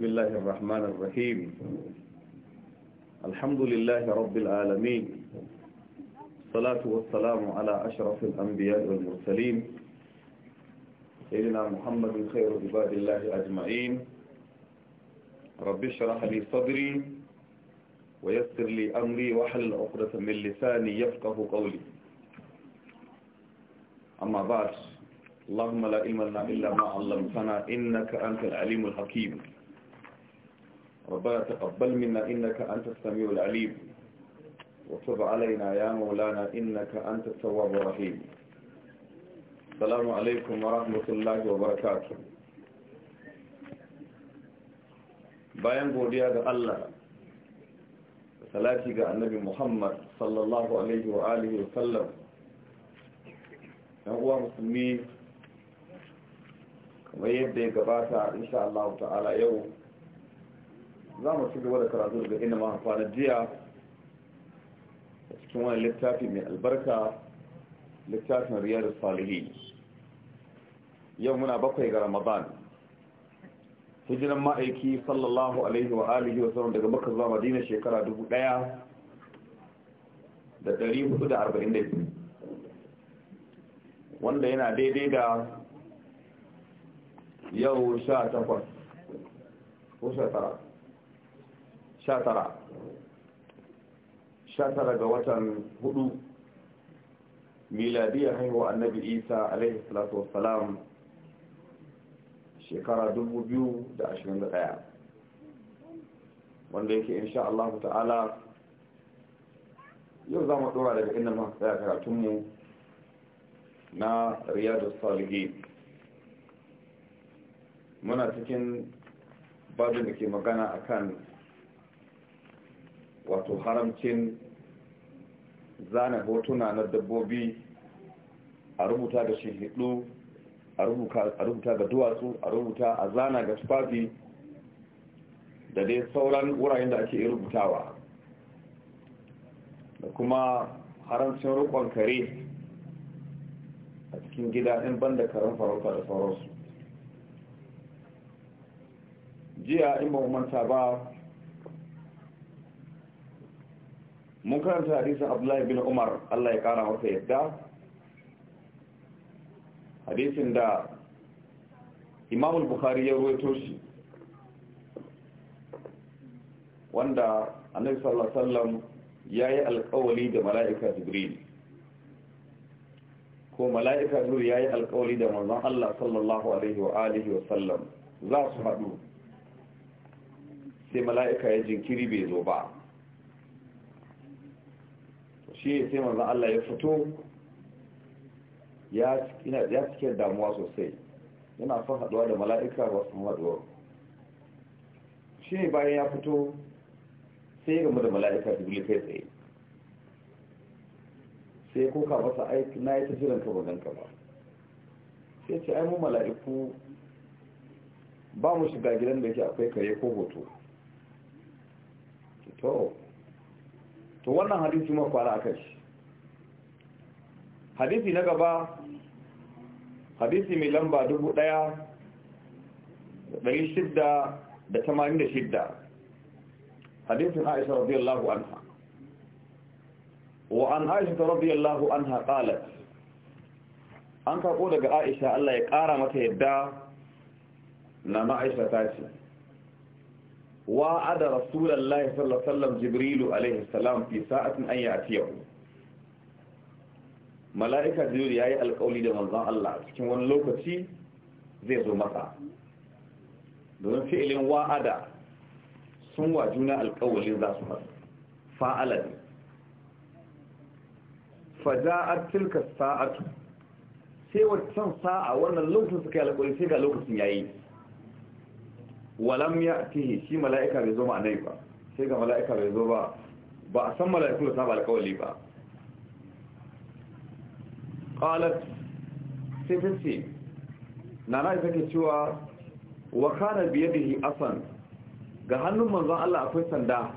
بسم الله الرحمن الرحيم الحمد لله رب العالمين الصلاة والسلام على أشرف الأنبياء والمرسلين سيدنا محمد خير عباد الله أجمعين رب اشرح لي صدري ويسر لي أمري وحل عقدة من لساني يفقه قولي أما بعد اللهم لا علم لنا إلا ما علمتنا إنك أنت العليم الحكيم ربنا تقبل منا إنك أنت السميع العليم وتب علينا يا مولانا إنك أنت التواب الرحيم السلام عليكم ورحمة الله وبركاته bayan godiya ga Allah salati ga annabi Muhammad sallallahu alaihi wa alihi wa sallam ɗan uwa musulmi kamar yadda ya gabata insha Allah ta'ala yau zamu ci gaba da karatu daga inna ma amfana jiya a cikin wani littafi mai albarka littafin riyar salihi yau muna bakwai ga ramadan hijiran ma'aiki sallallahu alaihi wa alihi wa sallam daga makka zuwa madina shekara 1442 wanda yana daidai da yau sha takwas ko sha tara 19 ga watan hudu miladiyar haihuwa annabi isa alaihi salatu wasalam shekara 2021 wanda yake insha Allah ta'ala yau za mu dora daga inda ma tsaya karatunmu na riyadu salihin muna cikin babin da ke magana akan wato haramcin zane hotuna na dabbobi a rubuta da shehidu a rubuta ga duwatsu a rubuta a zana ga tufafi da dai sauran wuraren da ake rubutawa da kuma haramcin rukon kare a cikin gida in banda karen farauta da sauransu jiya in ba manta ba mun karanta hadisin abdullahi bin umar allah ya kara masa yadda hadisin da imamul bukhari ya ruwaito shi wanda annabi sallallahu alaihi wasallam yi alƙawari da mala'ika jibril ko mala'ika jibril yi alƙawari da manzon Allah sallallahu alaihi wa alihi wa sallam za su haɗu. sai mala'ika ya jinkiri bai zo ba shi ne sai manzan Allah ya fito ya cike damuwa sosai yana son haduwa da mala'ika ba su haduwa shi ne bayan ya fito sai ya gama da mala'ika su bili tsaye sai ya koka masa aiki na ya tafi ranka ba ganka ba sai ce ai mala'iku ba mu shiga gidan da yake akwai kare ko hoto to to wannan hadisi ma kwana aka shi hadisi na gaba hadisi mai lamba dubu ɗaya ɗari shidda da tamanin da shidda hadisin aisha radiyallahu anha wa an aisha radiyallahu anha qalat an kako daga aisha Allah ya ƙara mata yadda na ma'aisha ta ce wa'ada rasulullahi sallallahu alaihi wasallam jibrilu alaihi salam fi sa'atin an ya'tiyahu malaika jibril yayi alƙawli da manzon Allah cikin wani lokaci zai zo masa don fi'ilin wa'ada sun wa juna alƙawlin za su masa fa'ala ne faja'at tilka sa'atu sai wata sa'a wannan lokacin suka yi alƙawli sai ga lokacin yayi walam ya tihi shi mala'ika bai zo ma'anai ba sai ga mala'ika bai zo ba ba a san mala'iku da saba alkawali ba qalat sai ta ce nana ita ke cewa wa kana yi asan ga hannun manzon Allah akwai sanda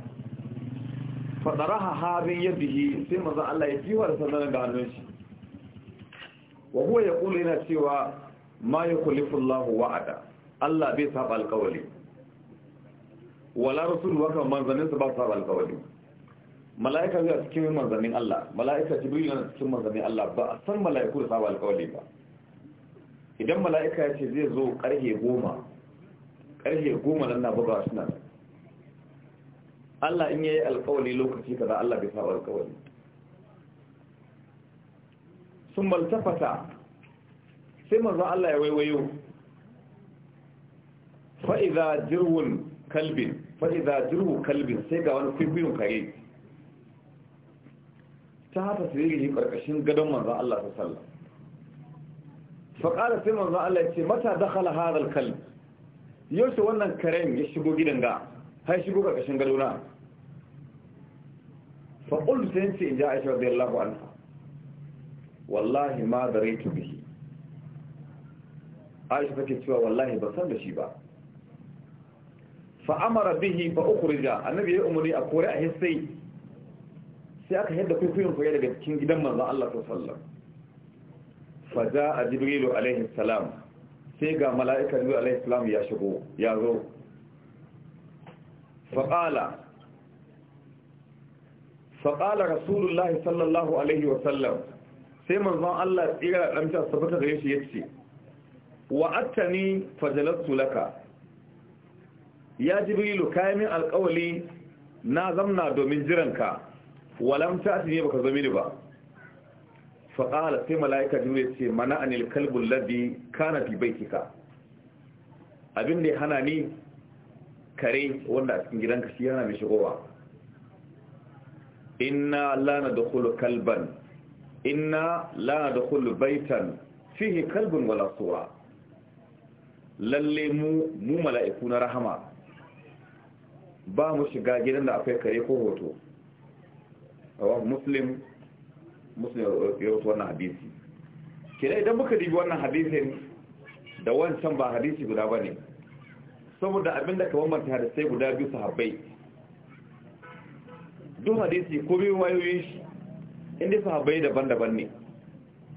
fadaraha habin yadihi sai manzon Allah ya jiwa da sandan ga hannun shi wa ya yaqulu yana cewa ma yukullifu Allahu wa'ada Allah bai saba alƙawari. wala rasul wa kan manzannin su ba saba alƙawari. mala'ika zai cikin manzanin Allah mala'ika jibril na cikin manzannin Allah ba a san mala'iku da saba alƙawari ba idan mala'ika ya ce zai zo karhe goma karhe goma nan na buga shi nan Allah in yayi alƙawari lokaci kaza Allah bai saba alƙawari. sun maltafata sai manzo Allah ya waiwayo fa'iza jirwun kalbin fa'iza jirwun kalbin sai ga wani kwaikwayon kare ta hata su yi ƙarƙashin gadon manzan Allah ta salla faƙada sai manzan Allah ya ce mata da halahar kalbi. yau shi wannan karen ya shigo gidan ga har shigo ƙarƙashin gadona faƙul sai ce in ji aisha da yallahu anha wallahi ma da rai bihi aisha take cewa wallahi ba san da shi ba fa amara bihi fa ukhrija annabi ya yi umarni a kore a hissai sai aka yadda kwaikwayon koya daga cikin gidan manzon Allah sallallahu Faja a jibril alaihi salam sai ga mala'ika jibril alaihi salam ya shigo ya zo Faƙala qala rasulullahi sallallahu alaihi wa sallam sai manzon Allah tsira da damta sabata gare shi yace wa'attani fajalatu laka ya jibrilu kayamin alƙawali na zamna domin jiranka walam ta ne baka zo mini ba fa qala sai malaika jibril ce mana anil kalbul ladhi kana fi baitika abin da ya hana ni kare wanda a cikin gidanka shi yana mai shigowa inna la nadkhulu kalban inna la nadkhulu baitan fihi kalbun wala sura lalle mu mu mala'iku na rahama ba mu shiga gidan da akwai kare ko hoto a muslim muslim ya rawaito wannan hadisi kira idan muka dibi wannan hadisin da wancan ba hadisi guda ba ne saboda abinda ka bambanta hadisai guda biyu su haɓai. duk hadisi ko biyu wayoyin shi inda su haɓai daban-daban ne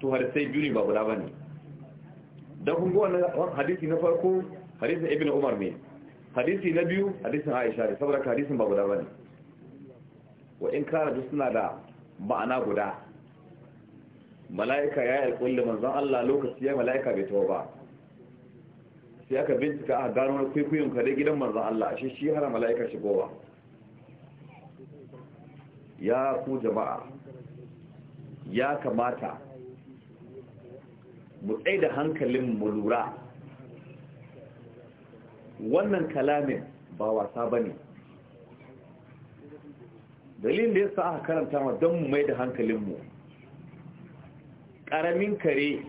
to hadisai biyu ne ba guda ne. dan kun ga wannan hadisi na farko hadisin ibn umar ne hadisi na biyu hadisin aisha ne saboda hadisin ba guda ba ne wa in kara duk suna da ma'ana guda mala'ika ya yi alƙulli manzan Allah lokaci ya mala'ika bai tawo ba sai aka bincika a gano wani kwaikwayon kare gidan manzan Allah shi shi hana mala'ika shigowa ya ku jama'a ya kamata mu tsaye da hankalin mu lura wannan kalamin ba wasa ba ne dalilin da ya sa aka karanta ma don mu mai da hankalinmu ƙaramin kare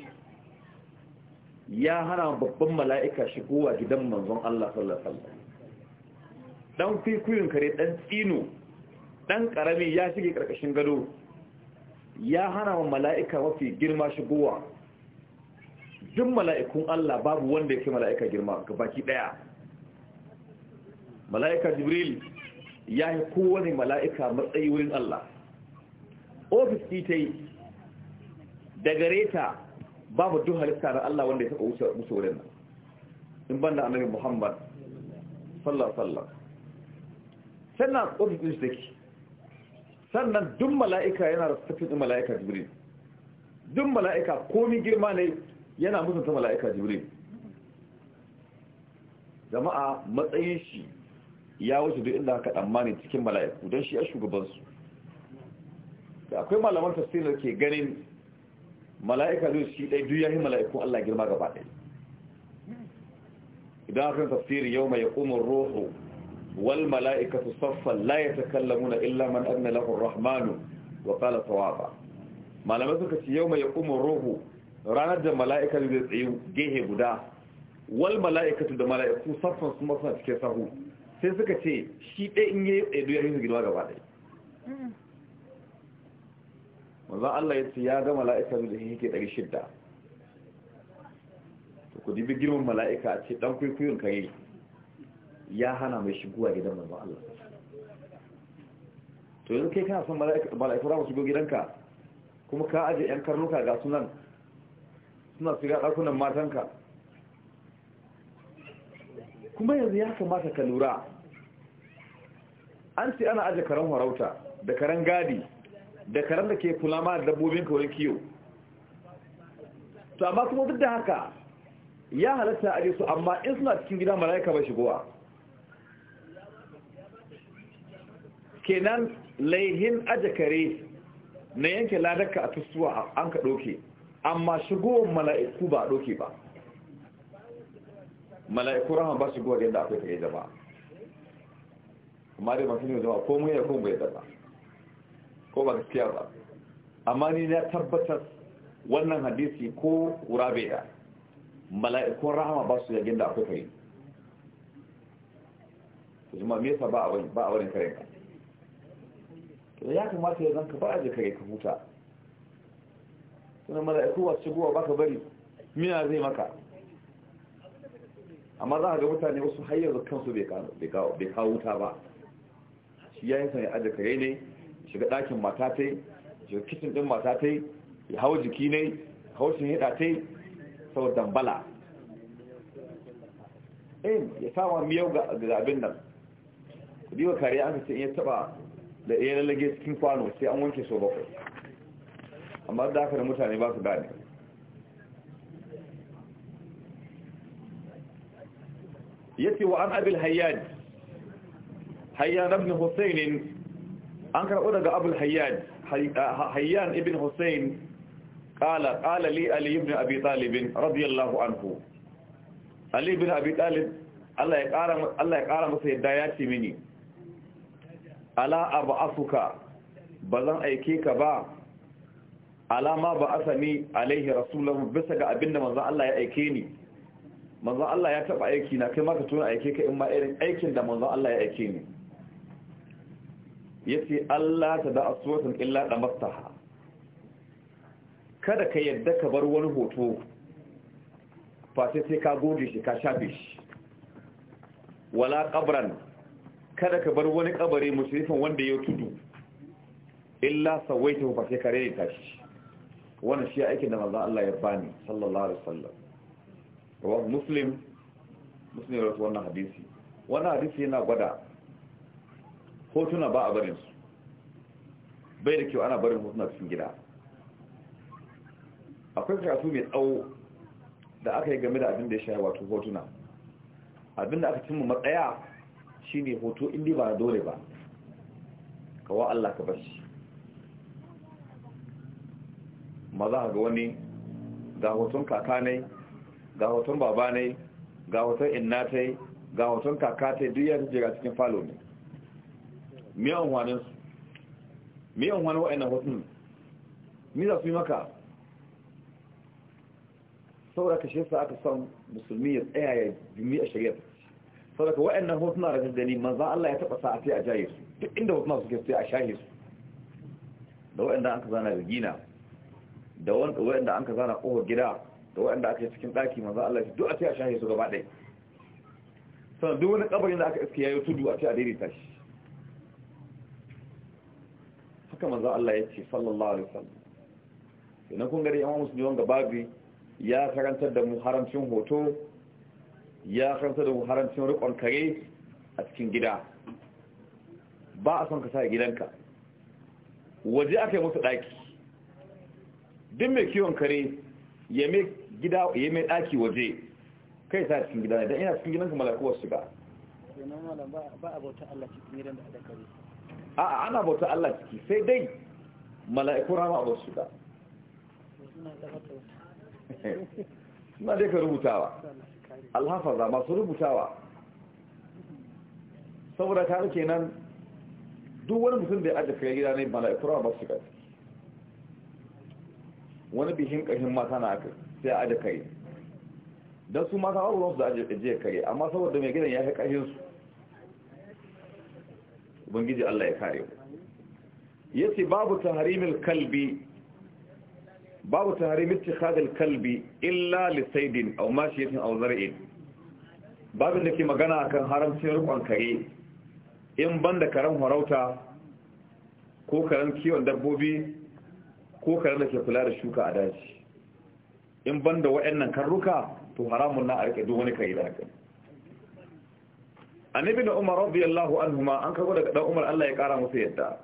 ya hana babban mala'ika shigowa gidan manzon Allah sallallahu ɗan fikuyin kare ɗan tsino ɗan ƙarami ya shige ƙarƙashin gado ya hana wa mala'ika mafi girma shigowa duk mala'ikun Allah babu wanda ya fi mala'ika girma ga baki ɗaya mala'ika jibril ya yi kowane mala'ika matsayi wurin Allah ofis ita yi daga reta ba mu duk halitta na Allah wanda ya taɓa wuce musu wurin nan in banda annabi muhammad sallar sannan ofis ɗin shi sannan duk mala'ika yana da tafin ɗin mala'ika jibril duk mala'ika komi girma ne yana musanta mala'ika jibril jama'a matsayin shi ya wuce duk inda haka tsammani cikin mala'iku don shi ya shugabansu da akwai malaman tafsirar ke ganin mala'ika zuwa shi ɗai duk yahin mala'ikun Allah girma gaba ɗai idan aka tafsirin yau mai umar roho wal mala'ika su saffan la ya takallamu na illa man lahun rahmanu wa kala tawaba malamai suka ce yau mai umar roho ranar da mala'ika zuwa tsaye gehe guda wal mala'ika da mala'iku saffan su masu cikin sahu sai suka ce shi ɗai in yi ɗaiɗu yin hinsu girma gaba ɗai wanzan hmm. Allah ya ce ya ga mala'ika da yake ɗari shidda to ku dibi girman mala'ika ce ɗan kwaikwayon kare ya hana mai shiguwa gidan manzan Allah to yanzu kai kana son mala'ika rama shigo gidanka kuma ka aje ‘yan karnuka ga sunan suna shiga ɗakunan matanka kuma yanzu ya kamata ka lura an ce ana aje karen harauta da karen gadi da karen da ke kulama da dabbobin kawai kiyo to amma kuma duk da haka ya halatta a su amma in suna cikin gida mala'ika ba shigowa kenan laihin aje kare na yanke ladarka a tustuwa an ka doke, amma shigowar mala'iku ba doke ba mala'iku rahama ba su gowa yadda akwai kai zama amma dai masu ne zama ko mun ya kun bai zama ko ba gaskiya ba amma ni na tabbatar wannan hadisi ko urabe da mala'ikun rahama ba su yagin da akwai kai kuma me yasa ba a wani ba a wani kare ka to ya kamata ya zanka ba a je kare ka huta sunan mala'iku wasu ba ka bari mina zai maka amma za a ga mutane wasu da kansu bai kawo wuta ba shi ya yi sanya ajiye kare ne shiga ɗakin matatai shiga kicin ɗin matatai ya hau jiki ne shi hida yi sau dambala ɗin eh, ya sama miyau ga abin nan ku biyu kare an kace in ya taɓa da iya lalage cikin kwano sai an wanke so bakwai amma da haka da mutane ba su gane yace wa an abul hayyan hayyan ibn husayn an karbo daga abul hayyan uh, hayyan ibn husayn qala qala li ali ibn abi talib radiyallahu anhu ali ibn abi talib Allah ya kara Allah ya kara masa yadda ya ce mini ala abu ab'asuka bazan aike ka ba alama ba asani alaihi rasulullah bisa ga abinda manzon Allah ya aike ni manzon Allah ya taba aiki na kai maka tona aike ka in ma irin aikin da manzon Allah ya aike ni yace Allah ta da aswatan illa damastaha kada ka yadda ka bar wani hoto fa sai ka goge shi ka shafe shi wala qabran kada ka bar wani kabare mushrifin wanda ya tudu illa sawaitu fa sai ka rene tashi wannan shi aikin da manzon Allah ya bani sallallahu alaihi wasallam rawar muslim muslim rasu wannan hadisi wannan hadisi yana gwada hotuna ba a barinsu bai da kyau ana barin hotuna cikin gida akwai karatu mai tsawo da aka yi game da abin da ya shaya wato hotuna abin da aka cimma matsaya shine hoto indi ba dole ba kawo Allah ka bashi maza ga wani ga hoton kakanai ga hoton baba ne ga hoton inna ta yi ga hoton kaka ta yi duk yadda jira cikin falo ne miyan wani miyan wani wa'annan hoton ni za su yi maka saboda ka shesa aka son musulmi ya tsaya ya jimi a shari'ar saboda ka wa'annan hotuna da dandali manza Allah ya taɓa sa a sai a jaye su duk inda hotuna suke ke a shahe su da wa'anda an ka zana da gina da wa'anda an ka zana ƙofar gida da waɗanda aka yi cikin ɗaki manzan Allah shi duk a ce a shahe su gaba ɗaya sannan duk wani ƙabarin da aka iske ya yi tudu a ce a daidaita shi haka manzan Allah ya ce sallallahu alaihi wasallam idan kun gari yawan musulmi wanga babi ya karantar da mu haramcin hoto ya karantar da mu haramcin rikon kare a cikin gida ba a son ka sa gidanka waje aka yi musu ɗaki duk mai kiwon kare ya mai gida ya mai daki waje kai sa cikin gida ne ina cikin gidanka malakuwar shiga wasu malam a a'a ana bauta Allah ciki sai dai mala'iku rama ba su da suna dai ka rubutawa alhafaza masu rubutawa saboda ta kare nan, duk wani mutum da ya ajiye kai gida ne mala'iku rama ba shiga wani bihin ƙashin mata na aka sai a aje kare don su mata babu ruwansu da ajiye kare amma saboda mai gidan ya fi ƙashinsu ubangiji Allah ya kare ya ce babu ta Harimil kalbi babu taharimin cikadar kalbi illa lissaidin a mashiyatin yakin zar'in babin da ke magana kan haramcin rukon kare in banda karen harauta ko karen kiwon dabbobi ko karen da ke kula da shuka a daji in da waɗannan karruka to haramun na a rike duk wani kai da haka annabi da umar radiyallahu anhuma an kago daga dan umar Allah ya kara musu yadda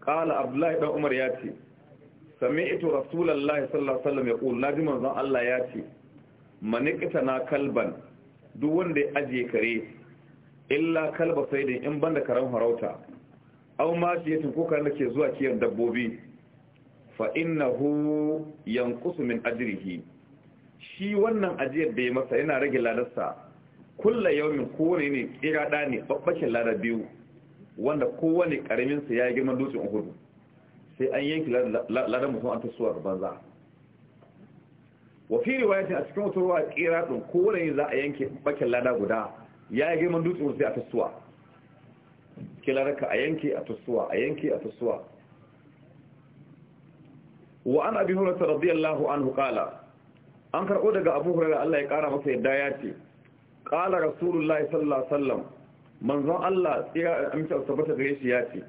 qala abdullahi dan umar ya ce sami'tu rasulullahi sallallahu alaihi wasallam yaqul naji manzon Allah ya ce manikita na kalban duk wanda ya ajiye kare illa kalba saidin in banda karan harauta aw ma shi yatin ko kan da ke zuwa kiyan dabbobi fa innahu yanqusu min ajrihi shi wannan ajiyar da ya masa yana rage ladarsa kulla yawmin kowane ne kira da ne babbakin lada biyu wanda kowane karamin sa ya girman dutsen uhudu sai an yanki ladar mutum an tasuwa banza wa fi riwayatin a cikin wata ruwa kira din kowane ne za a yanke bakin ladar guda ya yi girman dutsen sai a tasuwa kila raka a yanki a tasuwa a yanke a tasuwa wa an abi hurairah radiyallahu anhu qala an karbo daga abu hurairah Allah ya kara masa yadda ya ce qala rasulullahi sallallahu alaihi wasallam manzon Allah tsira amince tabbata gare shi ya ce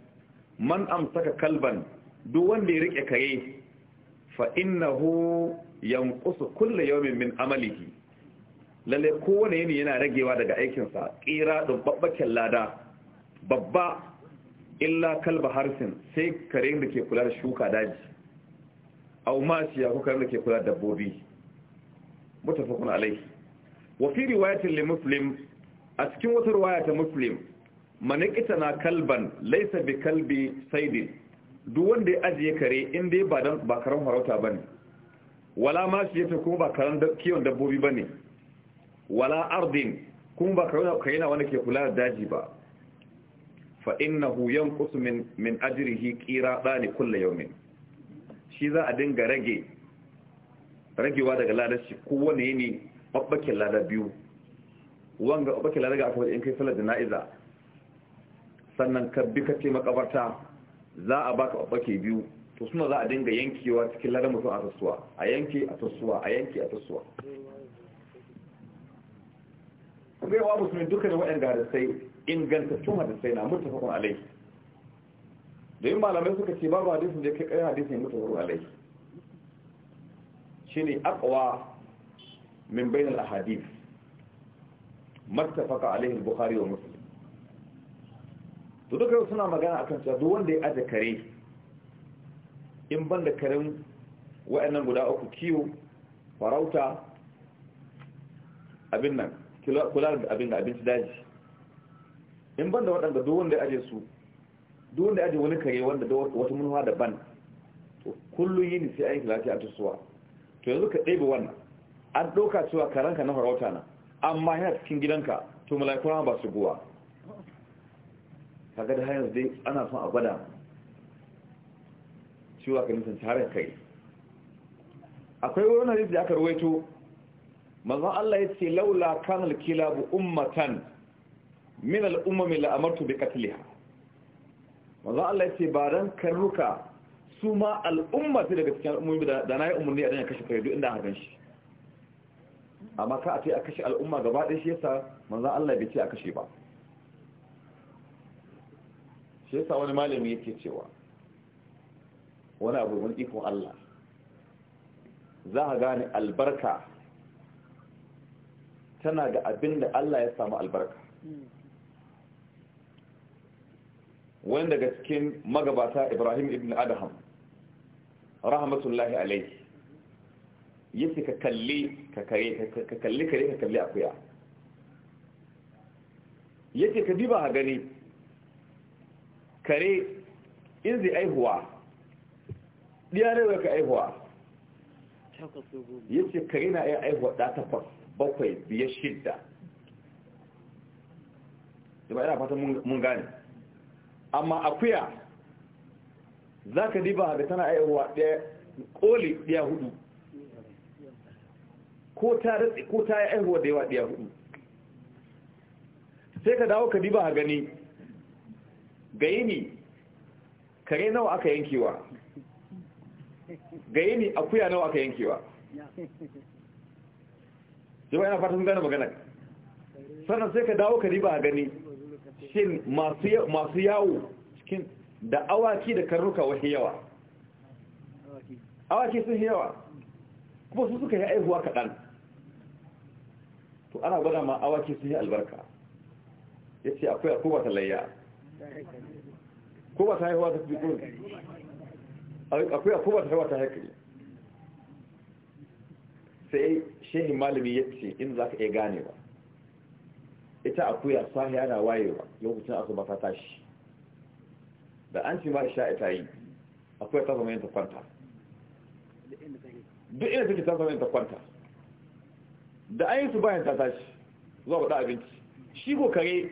man amsaka kalban duk wanda ya rike kare fa innahu yanqusu kullu yawmin min amalihi lalle kowane yini yana ragewa daga aikinsa kira dubbakken lada babba illa kalba harsin sai kare da ke kula da shuka daji aw masiya ko da ke kula dabbobi mutafakun alaihi wa fi riwayatin li muslim a cikin wata riwaya ta muslim manikita na kalban laisa bi kalbi saidin duk wanda ya ajiye kare inda ba dan ba karan farauta bane wala mashiyata kuma ba karan kiyon dabbobi bane wala ardin kuma ba karan yana wanda ke kula da daji ba fa innahu yanqus min min ajrihi qira kullu yawmin shi za a dinga rage ragewa daga ladar shi kowane yini babbakin lada biyu wanga babbakin lada ga aka wajen kai salar jana'iza sannan ka bi ka ce makabarta za a baka babbake biyu to suna za a dinga yankewa cikin ladar mutum a tasuwa a yanke a tasuwa a yanke a tasuwa kuma wa musulmi dukkanin waɗanda da sai ingantattun hadisai na mutafakon alaihi yin malamai suka ce babu hadisun da ya kai ya mutu wuri alai shi ne akawa min bayan ahadif martafaka alaihi bukari wa musulun to duka suna magana a kan duk wanda ya aje kare in ban da karen wa'annan guda uku kiwo farauta abin nan kula da abin da abinci daji in ban da waɗanda duk wanda ya aje su duk da aje wani kare wanda da wata munuwa daban to kullum yini sai ayi lafiya a tusuwa to yanzu ka ɗebe wannan an ɗauka cewa karanka na farauta na amma yana cikin gidanka to mala'iku ba su guwa kaga da hayar dai ana son a gwada cewa ka nisan tare kai akwai wani hadisi da aka ruwaito manzon Allah ya ce laula kanal kilabu ummatan min al-ummami la amartu bi qatliha manzo Allah ya ce ba ran karnuka su ma al'umma su daga cikin al'ummomi da na yi umarni a dan kashe kai duk inda hakan shi amma ka a ce a kashe al'umma gaba ɗaya shi yasa wanzan Allah bai ce a kashe ba shi yasa wani malami yake cewa wani abu wani ikon Allah za a gane albarka tana ga abin da Allah ya samu albarka hmm. wani daga cikin magabata ibrahim ibn adham rahmatullahi alaihi yace ka kalli ka kare ka kalli kare ka kalli akuya yace ka diba ha gani kare in zai aihuwa diyarewa ka aihuwa yace kare na iya aihuwa da takwas bakwai biyar shidda da ba ina fatan mun gane amma akuya za ka diba da tana aiwa ɗaya ƙoli ɗaya hudu ko ta ratsi ko ta yi aiwa da yawa ɗaya hudu sai ka dawo ka diba a gani yi ne kare nawa aka yankewa yi ne akuya nawa aka yankewa yau yana fatan gane magana sannan sai ka dawo ka diba gani shin masu yawo cikin da awaki da karnuka wasu yawa awaki sun yawa kuma su suka yi aihuwa kaɗan to ana gwada ma awaki sun yi albarka ya ce akwai a kowa ta layya kowa ta haihuwa ta fi akwai a kowa ta haihuwa ta haikali sai shehin malami ya ce in za ka iya gane ba ita akuya sahiya na wayewa lokacin asuba ta tashi da an ce ma isha ita yi akwai ta zama yin kwanta duk inda take ta zama yin kwanta da an yi su bayan ta tashi zuwa faɗa abinci shi ko kare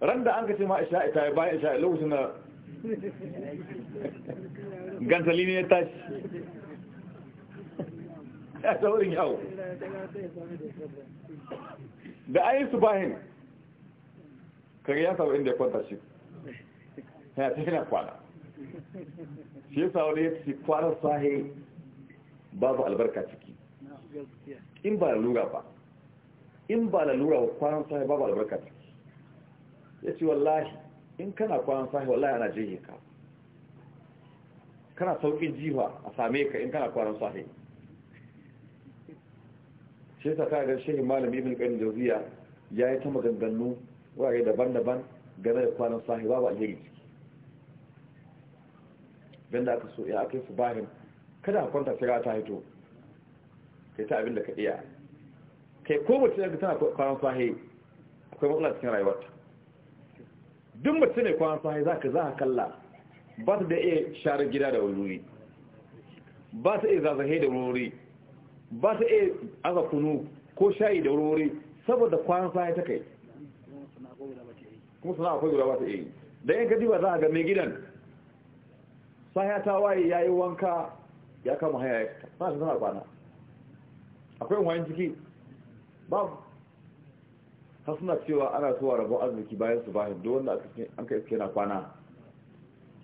ran da an ka ce ma isha ita yi bayan isha lokacin na gantali ne ya tashi ya saurin wurin yawo da ayi su bahin kare ya samu inda ya kwanta shi ya ta yana kwana shi ya samu ya ci kwana sahi babu albarka ciki in ba lura ba in ba lura ba kwana sahi babu albarka ciki ya ce wallahi in kana kwana sahi wallahi ana jihe ka kana sauƙin jiwa a same ka in kana kwana sahi shi ta ta ga shehin malami ibn qayyim jawziya yayi ta maganganu wurare daban-daban game da kwanan sahi babu alheri ciki dan da aka so ya aka yi bahin kada a kwanta sai ta hito kai ta abin da ka iya kai ko mutum ya tana kwanan sahi akwai matsala cikin rayuwarta duk mutum ne kwanan sahi za ka za ka kalla ba ta da iya sharar gida da wuri ba ta iya zazahe da wuri ba ta iya aka kunu ko shayi da wurwuri saboda kwan sa ta kai kuma suna akwai guda ba ta iya yi yin gadi ba za a ga mai gidan saya ta waye ya yi wanka ya kama haya ya fita sana'a sana'a kwana akwai wani ciki babu ta suna cewa ana suwa rabon arziki bayan su bayan duk wanda an ka iske na kwana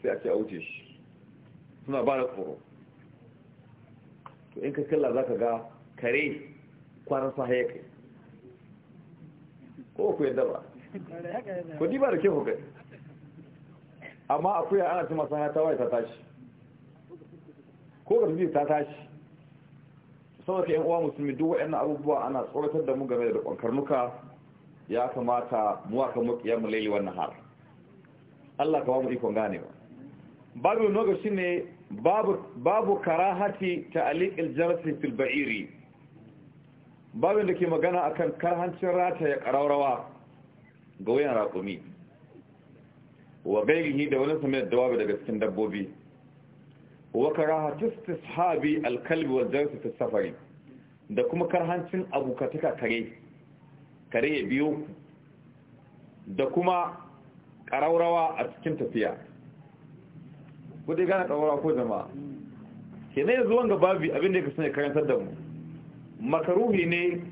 sai a ce a wuce shi suna ba da tsoro to in ka kalla za ka ga kare kwanan sa haya kai ko ku yadda ba ku ba da ke hukai amma a kuya ana cima sa ta waye ta tashi ko garbi ta tashi saboda yan uwa musulmi duk wa'yan abubuwa ana tsoratar da mu game da rikon karnuka ya kamata mu aka mu kiyamu laili wannan har Allah ka ba mu ikon ganewa babu noga shine babu karahati ta aliƙil jarasi filba'iri babin da ke magana akan karhancin rata ya ƙararrawa ga wayan raƙumi wa gairihi da wani samayar dawabi daga cikin dabbobi wa karahati sahabi alkalbi wa jarasin ta safari da kuma karhancin abokatuka kare kare ya biyo da kuma ƙararrawa a cikin tafiya ko dai gana ɗaura ko jama'a ke na yanzu wanga babi abinda ya kasance karantar da mu makaruhi ne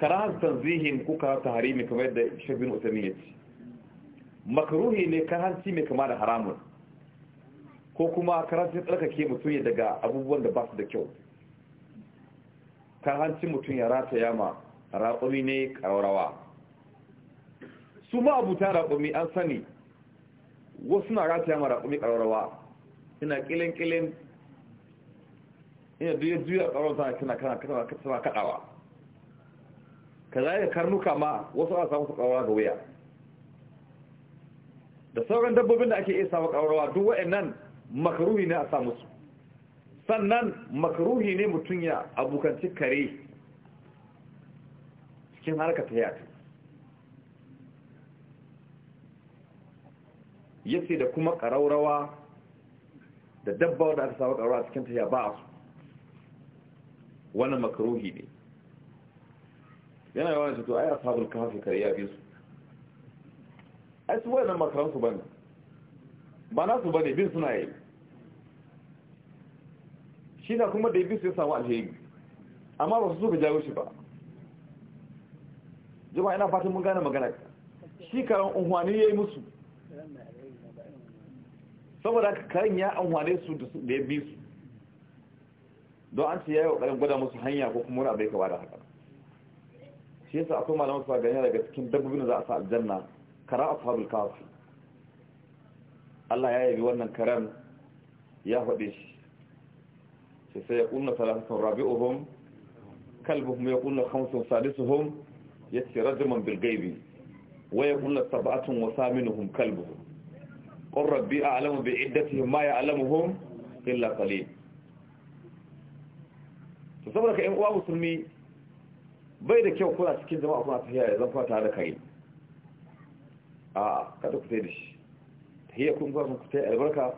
karahar tanzihin ko karahar taharimi kamar yadda shabbin utami ya ce makaruhi ne karanci mai kama da haramun ko kuma karanci tsarkake mutum ya daga abubuwan da ba su da kyau karanci mutum ya rata yama raƙumi ne ƙaurawa su ma abuta raƙumi an sani wasu na rata yama raƙumi ƙaurawa ina kilin-kilin ina duk a tsaron sana kina kana kana kana kaɗawa ka za yi karnuka ma wasu a samu su ƙawarwa ga wuya da sauran dabbobin da ake iya samun ƙawarwa duk wa'annan makaruhi ne a samu su sannan makaruhi ne mutum ya abokanci kare cikin harka ta yata yake da kuma ƙararrawa. da dabba wanda aka samu karuwa a cikin tahiya ba a su wannan makaruhi ne yana yawan shi to ai sabon kahfi kare ya bi su ai su wani makaran su bane ba na su bane bin suna yi shi na kuma da bi su ya samu alheri amma ba su so ga jawo shi ba jama'a ina fatan mun gane magana shi karan unhwani yi musu saboda kayan ya amfane su da ya bi su don an ce ya yi wa ƙoƙarin gwada musu hanya ko kuma wani abai ya da haka shi yasa akwai malamar su gani daga cikin dabbobin da za a sa aljanna kara a sahabul kafi Allah ya yabi wannan karen ya faɗe shi sai sai ya ƙunna talatin rabi'uhum kalbuhum ya ƙunna hamsin sadisuhum ya ce rajiman bilgaibi kunna ya ƙunna saba'atun wa kalbuhum qur rabbi a'lamu bi ما يعلمهم ya'lamuhum قليل qalil to saboda ka بيد كيو musulmi bai da kyau cikin jama'a kuna tafiya ya zanfa tare da kai a kada ku sai da shi tahiyya kun kuma ku sai albarka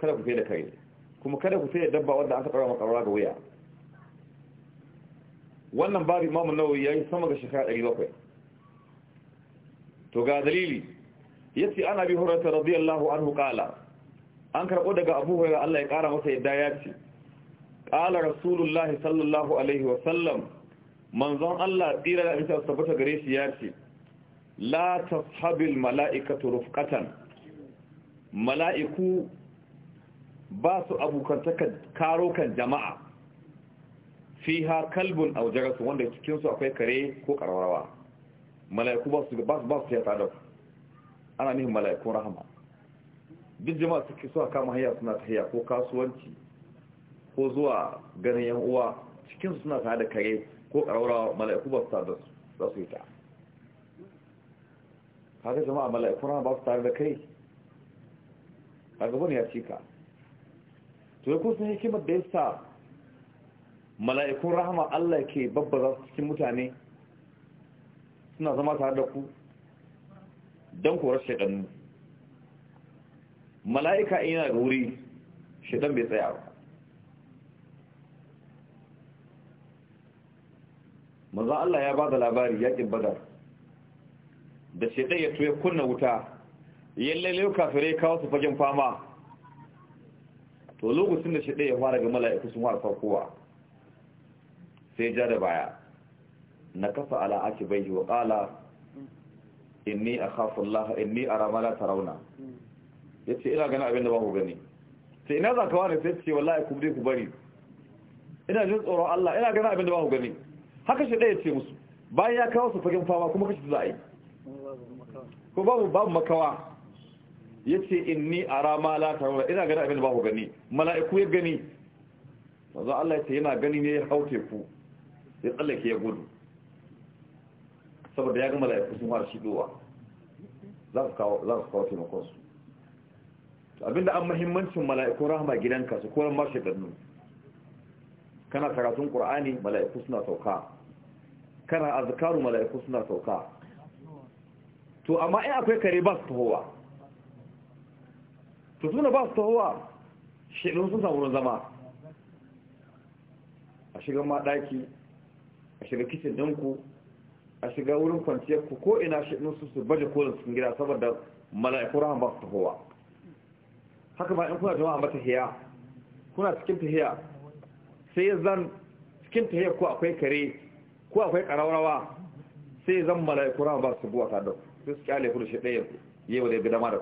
kada ku sai da kai kuma kada ku sai da dabba wanda aka tsara ga wuya wannan babu imamu nawawi yayi sama ga shekara 700 to ga dalili yace ana bi hurata radiyallahu anhu qala an karbo daga Abu Hurairah Allah ya kara masa yadda ya qala rasulullahi sallallahu alaihi wa sallam manzon Allah tsira da isa tabbata gare shi ya ce la tashabil mala'ikatu rufqatan mala'iku ba su abokantaka karo kan jama'a fiha kalbun aw jarasu wanda cikin su akwai kare ko karwarwa mala'iku ba su ba su ya tada ana nihin mala'ikun rahama duk jama'a suke suka kama hanya suna tahiya ko kasuwanci ko zuwa ganin yan uwa cikin suna tare da kare ko karaura mala'iku ba su tare da su yi ta haka jama'a mala'ikun rahama ba su tare da kai a gabon ya cika to ya kusan hikimar da ya sa mala'ikun rahama Allah ke babba za su cikin mutane suna zama tare da ku don korar shaɗannu mala'ika in yana da wuri shaɗan bai tsaya ba maza Allah ya ba da labari yaƙin badar da shaɗan ya tuye kunna wuta yallale kafirai kawo su fagen fama to lokacin da shaɗan ya fara ga mala'iku sun fara saukowa sai ja da baya na kafa ala ake bai wa ƙala inni akhafu Allah inni ara ta rauna. Ya ce ina ganin abinda da ba ku gani sai ina za ka wani sai ce wallahi ku ku bari ina jin tsoron Allah ina ganin abinda da ba ku gani haka shi daya ce musu bayan ya kawo su fagen fama kuma kashi za a yi ko babu babu makawa ce inni ara ma ta rauna ina ganin abin da ba ku gani mala'iku ya gani manzo Allah ya ce yana gani ne ya haute ku ya tsallake ya gudu saboda ya ga mala'iku sun shi shigowa za su kawo taimakon su abinda an mahimmancin mala'ikun rahama gidanka su koran ma shekarnu kana karatun qur'ani mala'iku suna sauka kana azikaru mala'iku suna sauka to amma in akwai kare ba su tahowa to suna ba su tahowa shekarun sun samu wurin zama a shigar ma ɗaki a shigar kicin ɗinku a shiga wurin kwanciyar ku ko ina shi nusu su baje kolin cikin gida saboda mala'iku rahama ba su tafowa haka ba in kuna jama'a mata hiya kuna cikin tahiya sai ya zan cikin tahiya ko akwai kare ko akwai karawarawa sai ya zan mala'iku rahama ba su buwa ta da sai su kyale kudu shi ɗaya yau da ya gida mara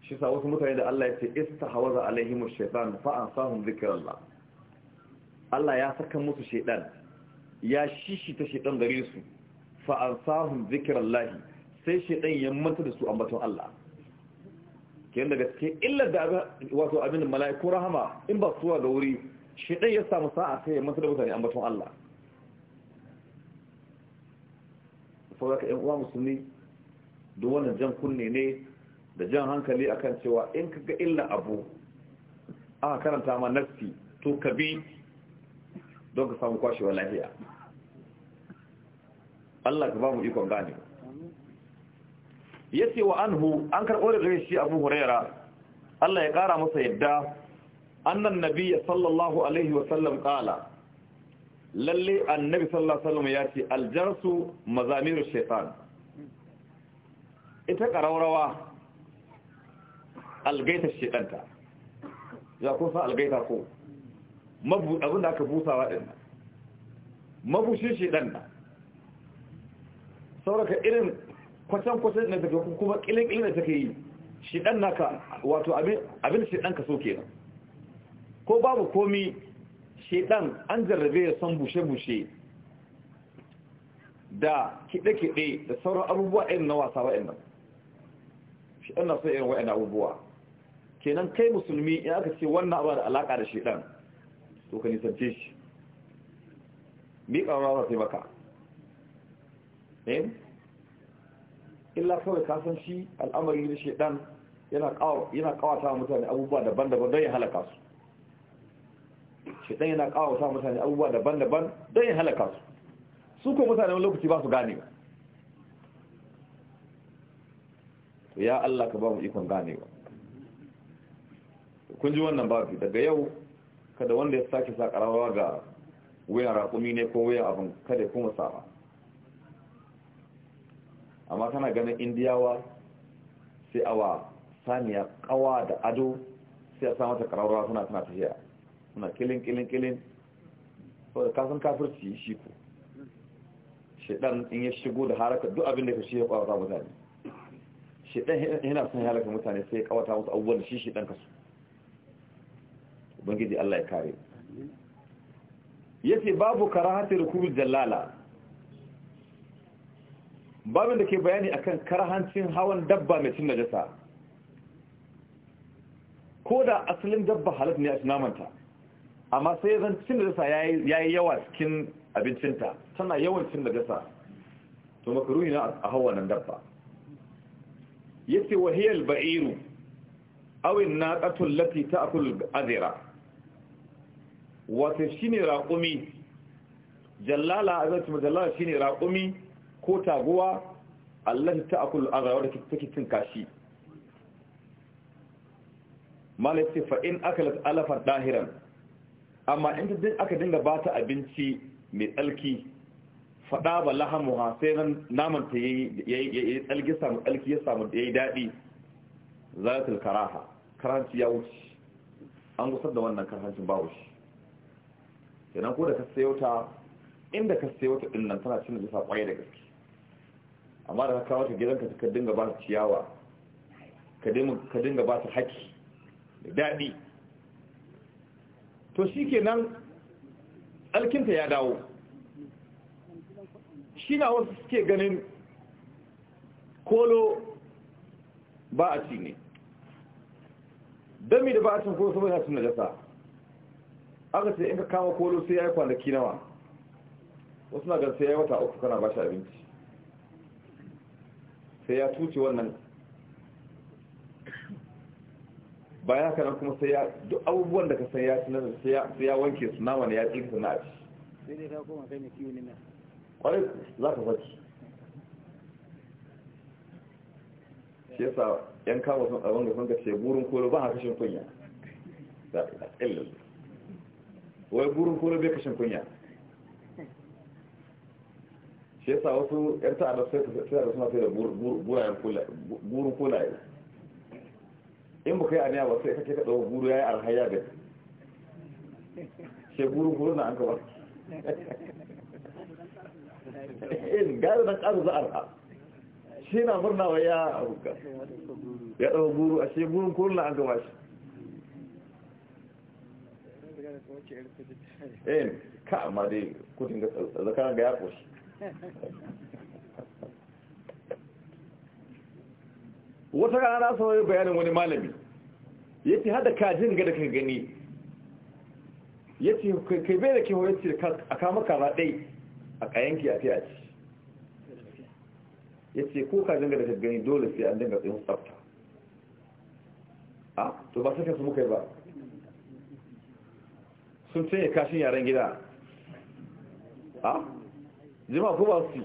shi sa wasu mutane da Allah ya ce istahawaza alaihimu shaitan fa ansahum zikrallah Allah ya saka musu shaitan ya shishita shaitan gare su fa ansahum zikrallahi sai shaitan ya manta da su a batun Allah kiyan daga cikin illar da wato abin mala'iku rahama in ba suwa ga wuri shaitan ya samu sa'a sai ya manta da mutane a batun Allah saboda ka ƴan musulmi duk wannan jan kunne ne da jan hankali akan cewa in ka ga illa abu aka karanta ma nafsi to ka bi don ka samu kwashewa lafiya Allah ka ba mu ikon gane ya ce wa anhu an karɓo da zai shi abu huraira Allah ya ƙara masa yadda annan nabiya sallallahu alaihi wasallam ƙala lalle annabi sallallahu alaihi wasallam ya ce aljarsu mazamiru shaitan ita ƙaraurawa algaita shaitanta ya kusa algaita ko abin da aka busawa ɗin nan mabushin shi ɗan nan sauraka irin kwacan-kwacan ta tafiya kuma ƙilin-ƙilin da take yi shi ɗan naka wato abin shi ɗan ka so kenan ko babu komi shi ɗan an jarrabe ya san bushe-bushe da kiɗe-kiɗe da sauran abubuwa irin na wasa wa'in nan shi ɗan na so irin wa'in abubuwa kenan kai musulmi ya aka ce wannan abu da alaƙa da shi ɗan to ka nisance shi miƙa ƙaura za ta yi maka illa kawai kasan shi al'amari na shaidan yana kawata mutane abubuwa daban-daban don ya halaka su shaidan yana kawata mutane abubuwa daban-daban don ya halaka su su ko mutane wani lokaci ba su gane ba ya Allah ka ba mu ikon ganewa kun ji wannan babu daga yau kada wanda ya sake sa ga wuyan raƙumi ne ko wuyan abin kada ya kuma sama amma tana ganin indiyawa sai awa saniya kawa da ado sai a samata ƙarawa suna suna tafiya suna kilin kilin kilin da kasan kafirci shi ko shaidan in ya shigo da haraka duk abin da ka shi ya ƙawata mutane shaidan yana son halaka mutane sai ya ƙawata musu abubuwan da shi shaidan kasu ubangiji Allah ya kare yace babu karahati rukubul Jalala. babin da ke bayani akan karahancin hawan dabba mai cin najasa ko da asalin dabba halal ne a tunamanta amma sai zan cin najasa yayi yawa cikin abincinta tana yawan cin najasa to makruhi na a hawa nan dabba yace wahiyal ba'iru aw an-naqatu allati ta'kul al-azira wato shine raƙumi jallala a zai jallala shine raƙumi ko taguwa allahi ta akul azawa da take cin kashi malaiti fa in akalat alafar dahiran amma in ta aka dinga ba ta abinci mai tsalki faɗa ba ha, sai nan naman ya yayi tsalki samu tsalki ya samu yayi dadi zalatul karaha karanci ya wuce an gusar da wannan karhancin ba wuce kenan ko da ka sayo ta inda ka sayo ta din nan tana cin jisa kwaye da gaske amma da ka kawo ta gidanka ka dinga ba ta ciyawa ka dinga ba ta haki da daɗi to shi nan alkinta ya dawo shi na wasu suke ganin kolo ba a ci ne dami da ba a cin kolo saboda sun najasa aka ce in ka kama kolo sai ya yi kwanaki nawa wasu na gan sai ya yi wata uku kana ba shi abinci sai ya tuce wannan bayan haka nan kuma sai ya duk abubuwan da ka san ya ci nan sai ya wanke su nama ne ya tsinka na aci ka kwarai za ka faci shi yasa yan kama sun abin da sun ka ce burin kolo ba haka shi kunya za ka wai burin kore bai kashin kunya shi yasa wasu yan ta'adar sai da suna sai da burin kolaye in ba kai aniya ba sai kake ka ɗau buru ya yi arhaya da shi burin kore na an gaba in eh, gari na karu za arha shi na murna wa ya hukka ya ɗau buru a shi burin kore na an gaba shi eh ka amma dai kudin zakaran ga ya koshi wata rana na sanar bayanin wani malami ya ce hada kajin ga da ka gani ya ce kai bai da ke ya ce a kama kama ɗai a kayanki a a ce ya ce ko kajin ga da ka gani dole sai an dinga tsayin tsafta a ah, to ba sai kai su muka yi ba sun canye kashin yaren gida a jima ko ba su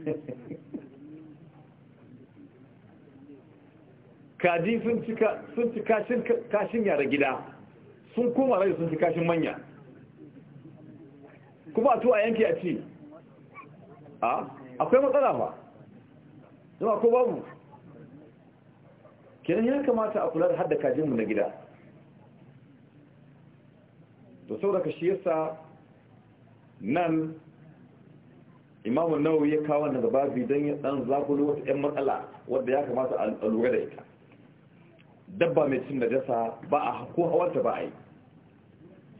kaji sun ci kashin yaren gida sun koma rai sun ci kashin manya kuma a tuwa yanki a ci a akwai matsala ba jima ko babu kenan ya kamata a kula da hada kajinmu na gida to saboda shi yasa nan imamu nawawi ya kawo wannan Babu don ya dan zakulo wata yan matsala wadda ya kamata a lura da ita dabba mai cin najasa ba a ko hawarta ba a yi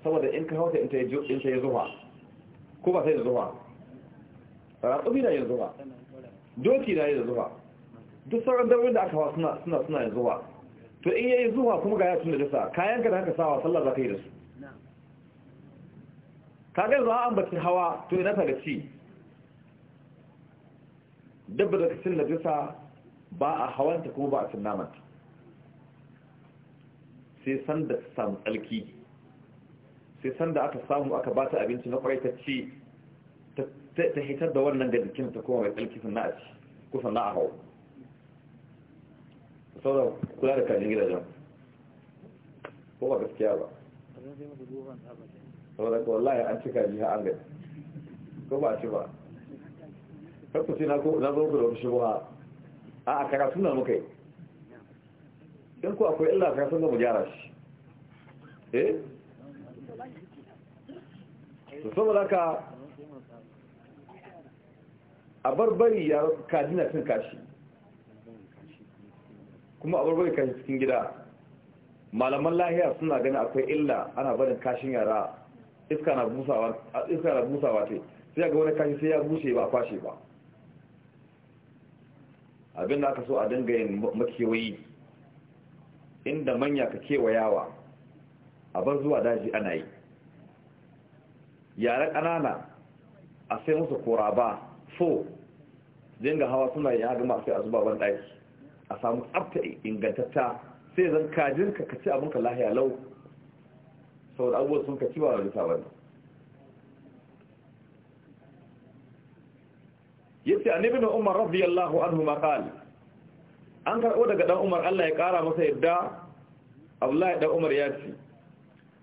saboda in ka hauta in ta yi zuwa ko ba sai da zuwa raƙumi na yin zuwa doki na yin zuwa duk sauran dabbobin da aka hawa suna suna yin zuwa to in yayi zuwa kuma ga ya cin najasa kayan ka da haka sawa sallah za ka yi da su kagar za an ambaci hawa to ina ta gaci? dabba da kacin najisa ba a hawanta kuma ba a cin namanta sai san da samu tsalki sai san da aka samu aka ba ta abinci na kwarai ta ci ta hitar da wannan ga jikin ta kuma mai tsalki sannan a ci ko sannan a hau da kula da kajin gidajen ko ba gaskiya ba saboda ka wallahi an cika jiha an gani ko ba ce ba kakku ce na zo da wani shubuha a a karatu na muka yi don ku akwai illa ka san gama gyara shi eh su saboda ka a barbari ya kadina cin kashi kuma a barbari kashi cikin gida malaman lahiya suna gani akwai illa ana barin kashin yara iska na busawa ce sai sai ga wani kashi sai ya bushe ba kwashe ba abinda aka so a dinga yin makewayi inda manya ka kewayawa a bar zuwa daji ana yi yaren ƙanana a sai musu ba, so dinga hawa suna yin haɗu sai a zuba ban ɗaki a samu tsabta ingantatta sai zan kajinka ka ci abinka lahiya lau saboda abubuwa sun kaci ba bisa ba yace an ibn umar radiyallahu anhu maqal an karbo daga dan umar Allah ya kara masa yadda Abdullahi dan umar ya ce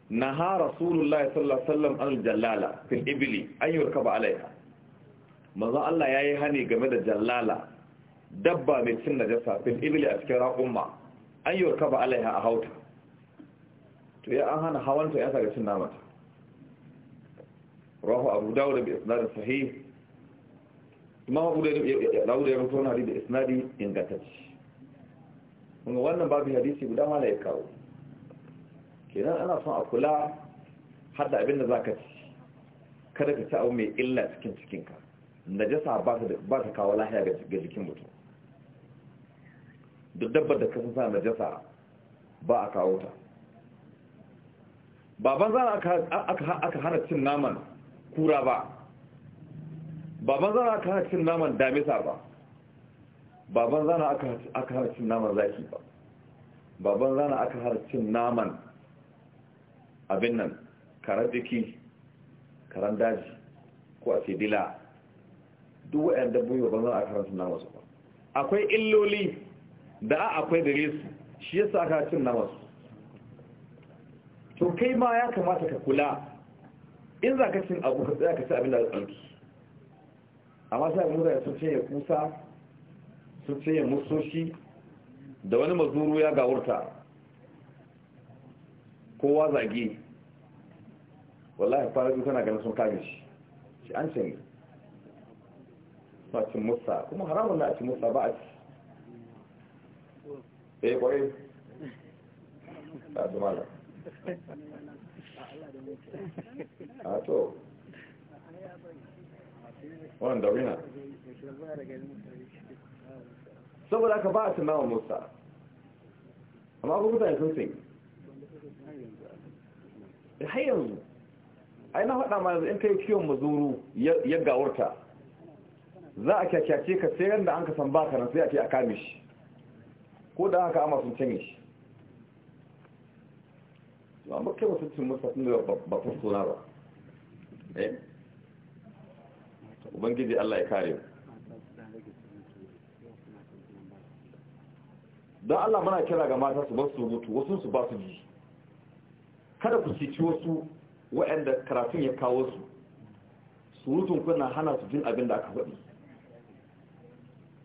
naha rasulullahi sallallahu sallam wasallam al jallala fil ibli an yurkaba alaiha manzo Allah ya yi hani game da jallala dabba mai cin najasa fil ibili a cikin raqumma an yurkaba alaiha a hauta to ya an hana hawanta ya saka cin mata rahu abu dawud bi isnadin sahih imam abu dawud ya rubuta hadisi da isnadi ingantacce kuma wannan babu hadisi guda ma ya kawo kenan ana son a kula har da abin da zaka ci kada ka ci abu mai illa cikin cikinka najasa ba ta kawo lahiya ga jikin mutum duk dabbar da ka san najasa ba a kawo ta baban zana aka hana cin naman kura ba baban zana aka hana cin naman damisa ba baban zana aka hana cin naman zaki ba baban zana aka hana cin naman abin nan karar jiki karar daji ko a ce dila duk waɗanda dabbobi ba zana aka hana cin naman su ba akwai illoli da akwai da su shi yasa aka hana cin naman su to kai ma ya kamata ka kula in za ka cin abu ka tsaya ka ci abin da zai amma sai abin da sun ce ya kusa sun ce ya musoshi da wani mazuru ya gawurta kowa zage wallahi fara biyu tana ganin sun kame shi shi an ce ne ba cin musa kuma haramun na a cin musa ba a ci ɗaya eh, ƙwarai ta zama a to wanda wina saboda aka ba a tunawa musa amma abu mutane sun sun har yanzu ai na faɗa ma in ka yi kiyon mazuru ya gawarta za a kyakyace ka sai yadda an ka san baka nan sai a ke a kame shi ko da haka ama sun canye shi amma kai wasu cin masa inda ba ta suna ba eh ubangiji Allah ya kare don Allah muna kira ga mata su basu rubutu wasu su ba su ji kada ku ciki wasu waɗanda karatun ya kawo su surutun kuna hana su jin abin da aka faɗi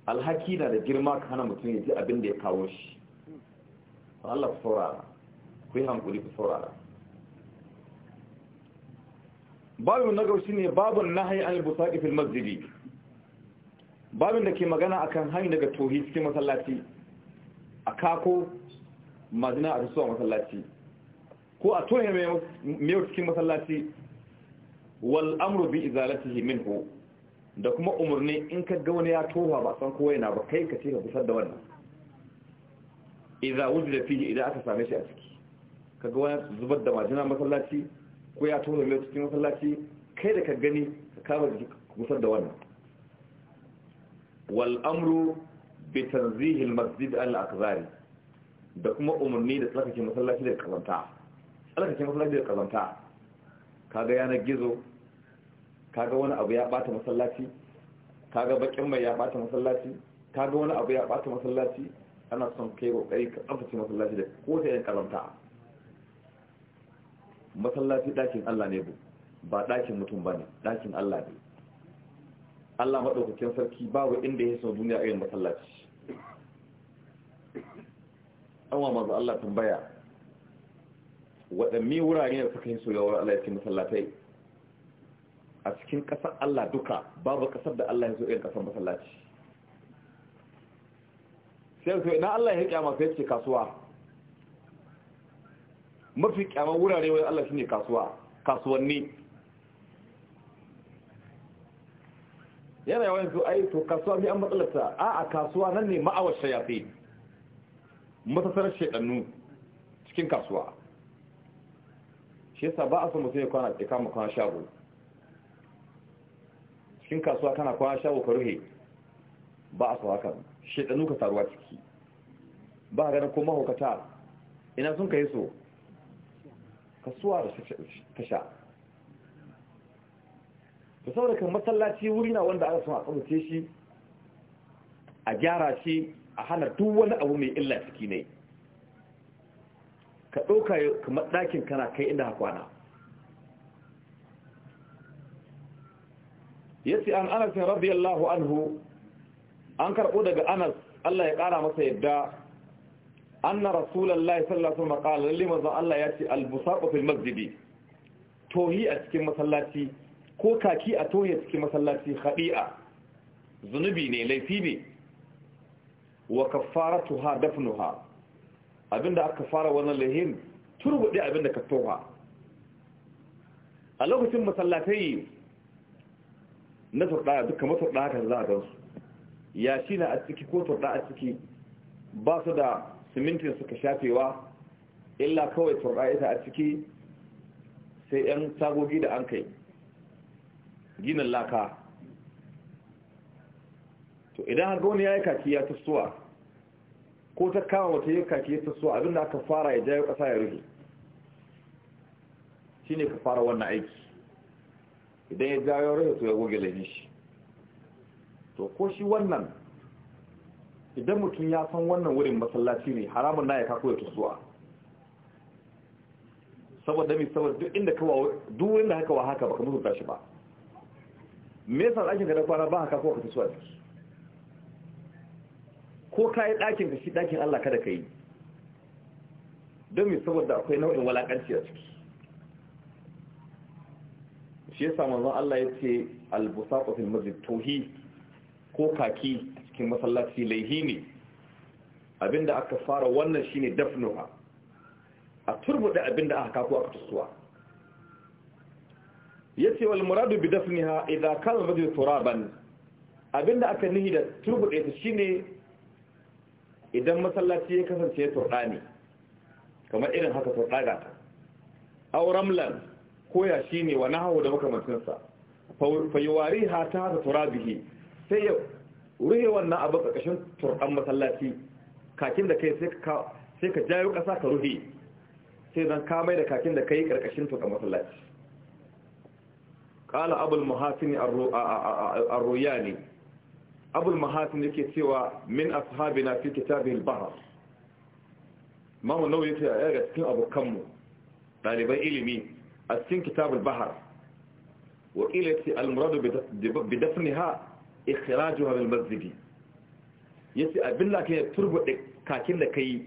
alhaki na da girma ka hana mutum ya ji abin da ya kawo shi Allah saurara ku yi hankuli ku saurara babu na gaushi ne babun hanyar an busaqi fil masjidi babin da ke magana a kan hanyar daga tohi cikin masallaci a kako mazina a tasowa masallaci ko a tohi mai cikin masallaci wal amru bi himin ho da kuma umarni in ka ga wani ya toha ba san kowa yana ba kai ka ce ka busar da wannan idan wujida fiye idan aka same shi a ciki ka ga wani zubar da majina masallaci ko ya tona mai cikin masallaci kai da ka gani ka kama da kusur da wannan Wal'amru, amru bi masjid al akzari da kuma umarni da tsarkakin masallaci daga kazanta tsarkakin masallaci daga kazanta ga yanar gizo ka ga wani abu ya bata masallaci ka ga bakin mai ya bata masallaci ka ga wani abu ya bata masallaci ana son kai kokari ka tsarkakin masallaci da ko ta kazanta masallaci dakin Allah ne ba dakin mutum ba ne dakin Allah ne Allah maɗaukakin sarki babu inda ya sau duniya irin masallaci anwa mazu Allah tambaya waɗanne wurare da suka yi so yawon Allah ya ce masallatai a cikin ƙasar Allah duka babu ƙasar da Allah ya so irin ƙasar masallaci sai su na Allah ya kyama sai ce kasuwa mafi kyamar wurare wajen Allah ne kasuwa kasuwanni yana yawan su ai to kasuwa ne an matsalarta a a kasuwa nan ne ma'awar shayafi matasar shedannu cikin kasuwa shi yasa ba a so mutum ya kwana ke kama kwana shago cikin kasuwa kana kwana shago ka ruhe ba a so kan shedannu ka saruwa ciki ba a ganin ko mahaukata ina sun yi so kasuwa da ta sha da saboda kan masallaci wuri na wanda aka sun a kamace shi a gyara shi a hana duk wani abu mai illa ciki ne ka ɗauka kamar ɗakin kana kai inda kwana yace an anas radiyallahu anhu an karɓo daga anas Allah ya ƙara masa yadda anna rasulullahi sallallahu alaihi wasallam qala lalli Allah ya ce al-busaqu masjidi tohi a cikin masallaci ko kaki a tohi a cikin masallaci khadi'a zunubi ne laifi ne wa kaffaratuha dafnuha abinda aka fara wannan lahin turbude abinda ka toha a lokacin masallatai na turda duka maturda kan za a gansu yashi na a ciki ko turda a ciki ba su da simintin suka shafewa illa kawai turɓa ita a ciki sai 'yan tagogi da an kai ginin laka to idan har gauni ya yi kaki ya tasowa ko ta kama wata yi kaki ya tasowa abinda aka fara ya jayo ƙasa ya rufe shi ne ka fara wannan aiki idan ya jayo rufe to ya goge laifin shi to ko shi wannan idan mutum ya san wannan wurin masallaci ne haramun na ya kako ya tusuwa saboda mai saboda duk inda kawo duk wurin da haka wa haka baka mutunta shi ba me yasa ɗakin ka da kwana ba haka ko ka tusuwa ciki ko ka yi ɗakin ka shi ɗakin Allah kada ka yi don mai saboda akwai nau'in walakanci a ciki shi yasa manzon Allah ya ce albusaqatul masjid tohi ko kaki cikin masallaci laihi ne abinda aka fara wannan shine dafnuha a turbuda abinda aka kafo aka tsuwa yace wal muradu bi dafniha idza kana rajul turaban abinda aka nihi da turbuda ta shine idan masallaci ya kasance turdani kamar irin haka turdaga ta aw ramlan koya shine wa nahawu da makamancinsa. fa yuwariha ta turabihi sai ruhe wannan abu ƙarƙashin turɓan masallaci kakin da kai sai ka jayo ƙasa ka ruhe sai zan kamai da kakin da kai ƙarƙashin turɓan masallaci ƙala abul mahasini a roya ne abul mahasini yake cewa min na fi kitabin bahar mamu nau yake a yaga cikin abokanmu ɗaliban ilimi a cikin kitabul bahar wa ila ce almuradu bi dafniha ikhrajuha min masjidi yace abin da kai turbude kakin da kai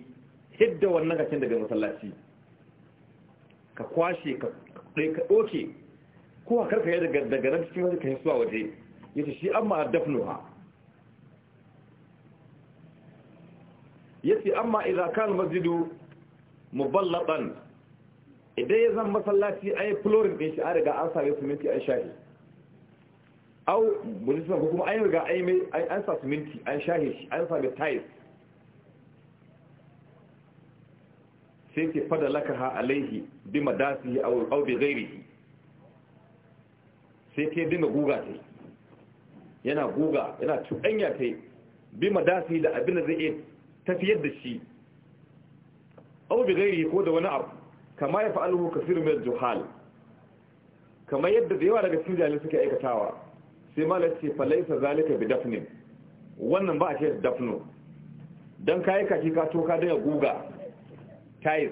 hidda wannan kakin daga masallaci ka kwashe ka dai ka doke ko karka ya daga daga nan cikin wani kai suwa waje yace shi amma dafnuha yace amma idza kan masjidu muballatan idan ya zan masallaci ai flooring din shi a riga an same su minti an shahi au municipal ko kuma an riga an mai an sa siminti an shahe shi an sa tiles sai ke fada lakaha alaihi bi madasihi aw aw bi ghairihi sai ke dinga guga ta yana guga yana cuɗanya ta bi madasihi da abin da zai yi tafiyar da shi aw bi ghairihi ko da wani abu kama ya fa'aluhu kaseer min al-juhal kama yadda da yawa daga cikin jahilai suke aikatawa sai malar ce falaisa zalika bi dafnin wannan ba a ce dafno don kayi kashi ka to ka daga guga tais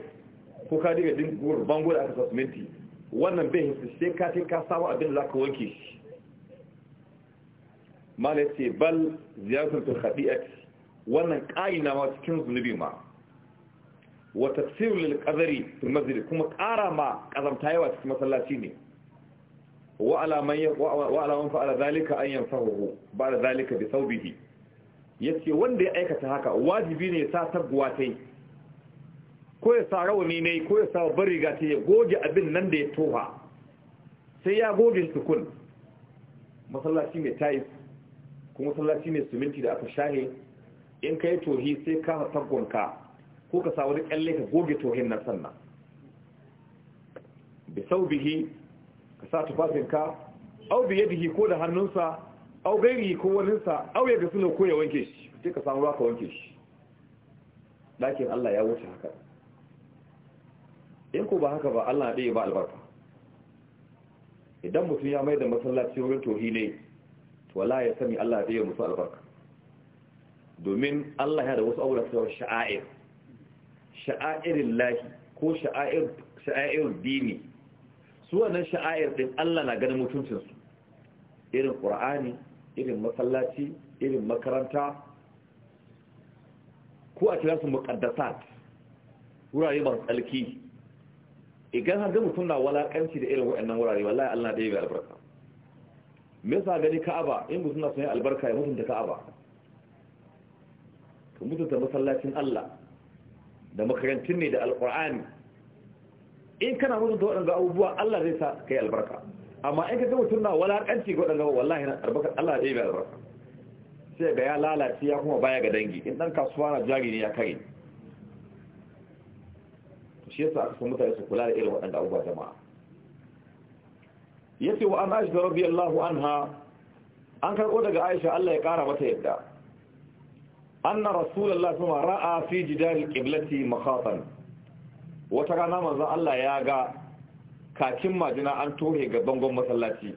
ko ka daga dingur bango da aka sasminti wannan bai hisu sai ka ce ka samu abin da za ka wanke shi malar ce bal ziyartar khadi'at wannan ƙa'ina na ma cikin zunubi ma wa tafsirul qadari kuma ƙara ma ƙazamta cikin masallaci ne وعلى من وعلى anyan فعل ba da da bisa bihi Ya yace wanda ya aikata haka wajibi ne ya sa taguwa tai ko ya sa rawani ne ko ya sa bari ga ya goge abin nan da ya toha sai ya goge sukun masallaci mai tais kuma masallaci mai siminti da aka shahe in kai tohi sai ka tagonka ko ka sa wani kalle ka goge tohin nan sannan bi saubihi ka sa tufafinka au bi yadihi ko da hannunsa au gairi ko waninsa au ya gasu ne ko ya wanke shi sai ka samu ruwa ka wanke shi dakin Allah ya wuce haka in ko ba haka ba Allah ɗaya ba albarka idan mutum ya mai da masallaci wurin tohi ne to wala ya sani Allah ya ɗaya musu albarka domin Allah ya da wasu abubuwa cewa sha'air sha'airin lahi ko sha'air dini su wannan sha'air din Allah na ganin mutuncinsu irin ƙur'ani irin masallaci irin makaranta ko a kira su wurare masu tsalki idan har ga mutum na walakanci da irin wa'annan wurare wallahi Allah ɗaya bai albarka me yasa gani Ka'aba in mutum na son albarka ya mutunta Ka'aba ka mutunta masallacin Allah da makarantun ne da alƙur'ani in kana mutum ta waɗanda abubuwa Allah zai sa kai albarka amma in ka gama tunna walaƙanci ga waɗanda wallahi na albarka Allah zai bai albarka sai ga ya lalace ya kuma baya ga dangi in ɗan kasuwa na jari ne ya kare shi yasa aka san mutane su kula da irin waɗanda abubuwa jama'a yace wa an aisha radiyallahu anha an karɓo daga aisha Allah ya ƙara mata yadda anna rasulullahi sallallahu alaihi wasallam ra'a fi jidar al-qiblati makhatan wata rana manzan Allah ya ga kakin majina an tohe ga bangon masallaci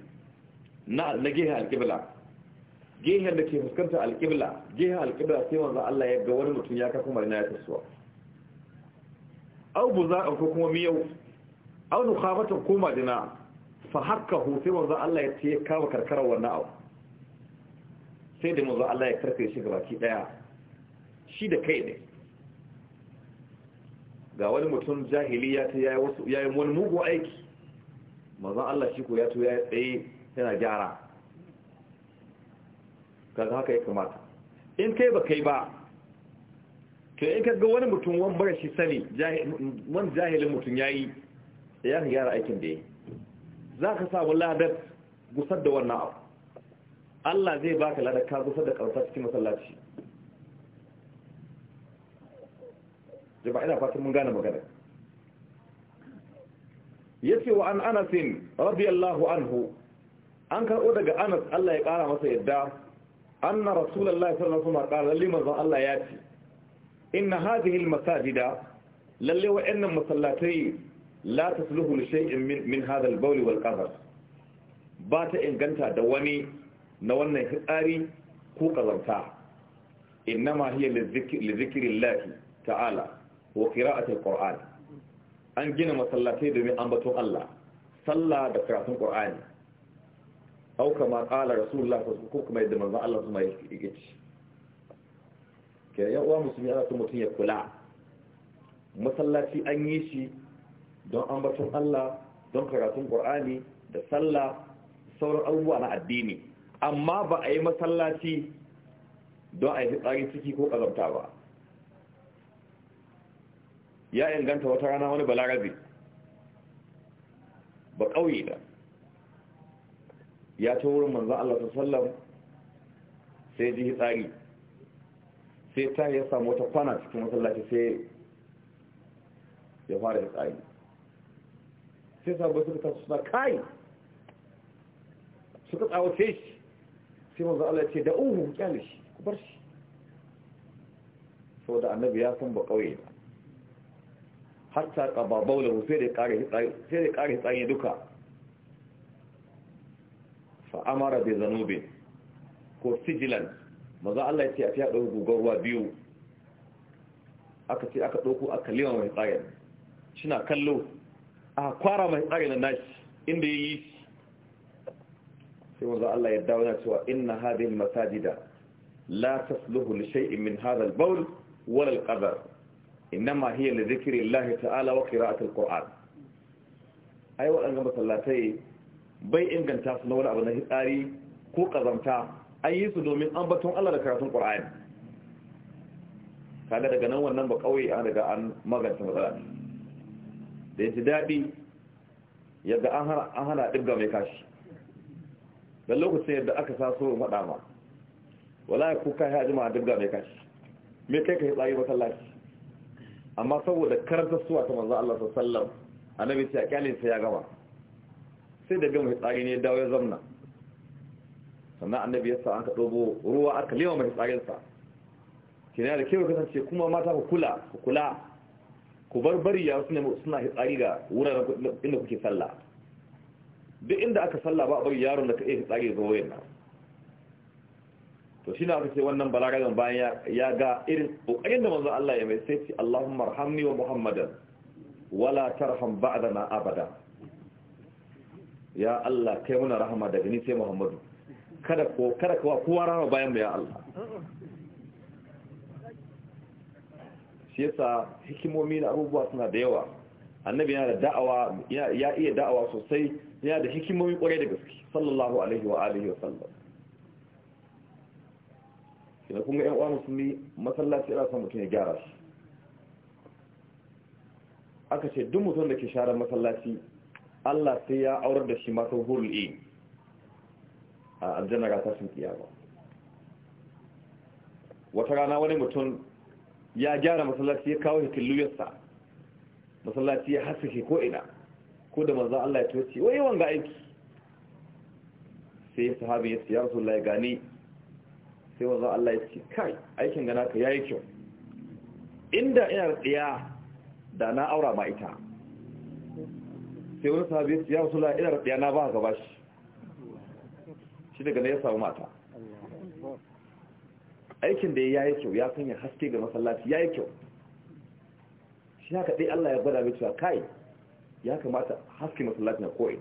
na na gehen alƙibla gehen da ke fuskantar alƙibla gehen alƙibla sai manzan Allah ya ga wani mutum ya kafa marina ya tasowa au a ko kuma miyau au nukhabatan ko majina fa hakka hu sai manzan Allah ya ce kama karkarar wannan abu sai da manzan Allah ya karfe shi gabaki daya shi da kai ne ga wani mutum jahili ta yayi wani mugu aiki mazan Allah shi ko ya to ya tsaye yana gyara kaga haka ya kamata in kai ba kai ba to in kaga wani mutum wani bara shi sani wani jahilin mutum yayi ya ka gyara aikin da ya za ka samu ladar gusar da wannan abu Allah zai baka ladar ka gusar da karfa cikin masallaci jama'a ina fatan mun gane magana yace wa an anas radiyallahu anhu an karbo daga anas Allah ya kara masa yadda anna rasulullahi sallallahu alaihi wasallam qala liman Allah ya inna hadhihi almasajida lalle wa inna masallatai la tasluhu li shay'in min min hadha albawl wal ba ta inganta da wani na wannan hitsari ko kazanta innama hiya li dhikri ta'ala wa qira'atul qur'an an gina masallatai domin ambaton Allah sallah da karatun qur'ani au kama qala rasulullah ko kuma yadda manzon Allah kuma yake ke ya uwa musulmi ana son mutum ya kula masallaci an yi shi don ambaton Allah don karatun qur'ani da sallah sauran abubuwa na addini amma ba a yi masallaci don a yi tsari ciki ko kazanta ba ya inganta wata rana wani balarabe ba ƙauye da ya ta wurin manzan Allah ta sallam sai ji tsari sai ta ya samu wata kwana cikin masallaci sai ya fara tsari sai sabuwa suka tasu suna kai suka tsawace shi sai manzan Allah ya ce da uhu kyalishi ku bar shi da annabi ya san ba ƙauye da har ta hatta bawla bawlahu sai da kare sai da kare tsaye duka fa amara bi zanubi ko sijilan maza Allah ya ce a fiya dauko gugar ruwa biyu aka ce aka dauko aka liwa mai tsaye shina kallo a kwara mai tsaye na nashi inda yayi sai maza Allah ya dawo na cewa inna hadhihi masajida la tasluhu li shay'in min hadha al-bawl wala al-qadar innama hiya li zikrillahi ta'ala wa qira'atul qur'an ai waɗannan masallatai bai inganta su na wani abu na hitsari ko kazanta an yi su domin ambaton Allah da karatun Qur'ani kaga daga nan wannan ba kawai an daga an maganta matsala da yaji dadi yadda an hana an hana dibga mai kashi da lokacin yadda aka saso faɗa ma wallahi ya kai ma dibga mai kashi me kai kai tsayi masallaci amma saboda karanta suwa ta manzo Allah sallallahu annabi sai kyalin sai ya gama sai da gama hitsari ne dawo ya zamna sannan annabi ya sa an ka dobo ruwa aka lewa mai hitsarin sa kina da kewa kasance kuma mata ku kula ku kula ku bar bari ya suna suna hitsari ga wuraren inda kuke sallah duk inda aka sallah ba bari yaron da ka iya hitsari ga yana to shi na aka ce wannan balaragan bayan ya ga irin ƙoƙarin da manzo Allah ya mai sai ce Allahumma rahamni wa Muhammadan wala tarham ba'dana abada ya Allah kai muna rahama daga ni sai Muhammadu kada ko kada kowa kowa rahama bayan mu ya Allah shi yasa hikimomi na abubuwa suna da yawa annabi yana da da'awa ya iya da'awa sosai yana da hikimomi kwarai da gaske sallallahu alaihi wa alihi wa sallam da kun ga yan uwa musulmi masallaci ana son mutum ya gyara shi aka ce duk mutum da ke share masallaci Allah sai ya aurar da shi masu hulul e a aljanna ga tashin kiyama wata rana wani mutum ya gyara masallaci ya kawo luyarsa masallaci ya haske ko ina ko da manzan Allah ya toce wai wanga aiki sai sahabi ya siya laye gani sai wanzan Allah ya ce kai aikin gana ka ya yi kyau inda ina tsaya da na aura ma ita sai wani sahabi ya ce ya rasu ina na ba gaba shi shi daga na ya samu mata aikin da ya yi kyau ya sanya haske ga masallaci ya yi kyau shi haka ɗai Allah ya gwada mai cewa kai ya kamata haske masallaci na ko'in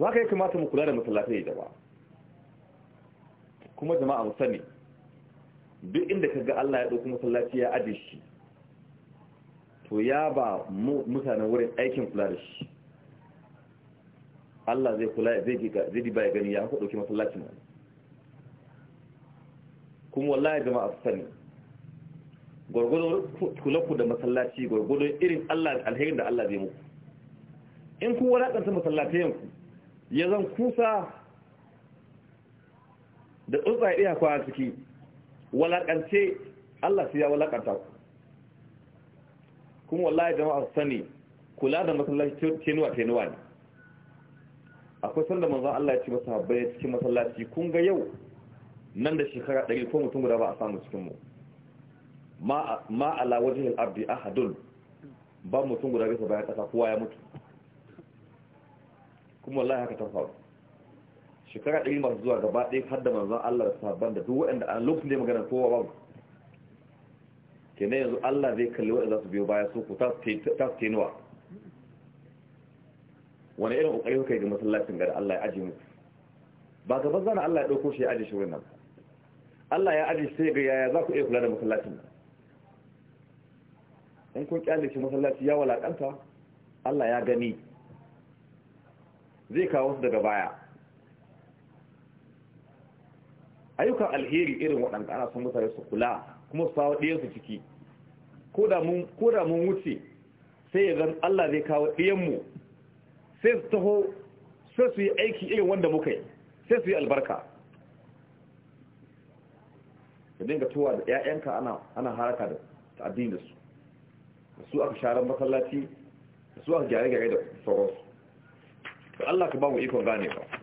to haka ya kamata mu kula da masallaci ne da ba kuma jama'a mu duk inda kaga Allah ya dauki masallaci ya aje shi to ya ba mutanen wurin aikin kula da shi Allah zai kula zai ga zai ba ya gani ya ku dauki masallacin nan kuma wallahi jama'a su sani gurgurun kulaku da masallaci gurgurun irin Allah alherin da Allah zai muku in ku wadakanta masallatayen ku ya zan kusa da tsuntsaye ɗaya kwa ciki walakance Allah su ya walakanta kuma wallahi jama'a sani kula da masallaci kenuwa nuwa ne akwai sanda manzan Allah ya ci masa habbai cikin masallaci kun ga yau nan da shekara ɗari ko mutum guda ba a samu cikinmu? ma ma ala wajhil abdi ahadun ba mutum guda bisa bayan ƙasa kowa ya mutu kuma wallahi haka ta faru shekara ɗari masu zuwa gaba ɗaya har da manzon Allah da sahabban da duk waɗanda a lokacin da magana kowa ba. kenan yanzu Allah zai kalli waɗanda za su biyo baya su ku ta su tenuwa wani irin ƙoƙari kuka yi ga masallacin gari? Allah ya aji mu ba gaba zana Allah ya ɗauko shi ya aji shi wannan. Allah ya aji sai ga yaya za ku iya kula da masallacin nan in kun kyale shi masallaci ya walakanta Allah ya gani zai kawo su daga baya ayyukan alheri irin waɗanda ana son mutane su kula kuma su sawa ɗiyansu ciki ko da mun wuce sai ya zan Allah zai kawo ɗiyanmu sai su taho sai su yi aiki irin wanda muka yi sai su yi albarka ka dinga tuwa da 'ya'yanka ana haraka da addini da su da su aka sharan masallaci da su aka gyare-gyare da sauransu Allah ka ba mu ikon gane ba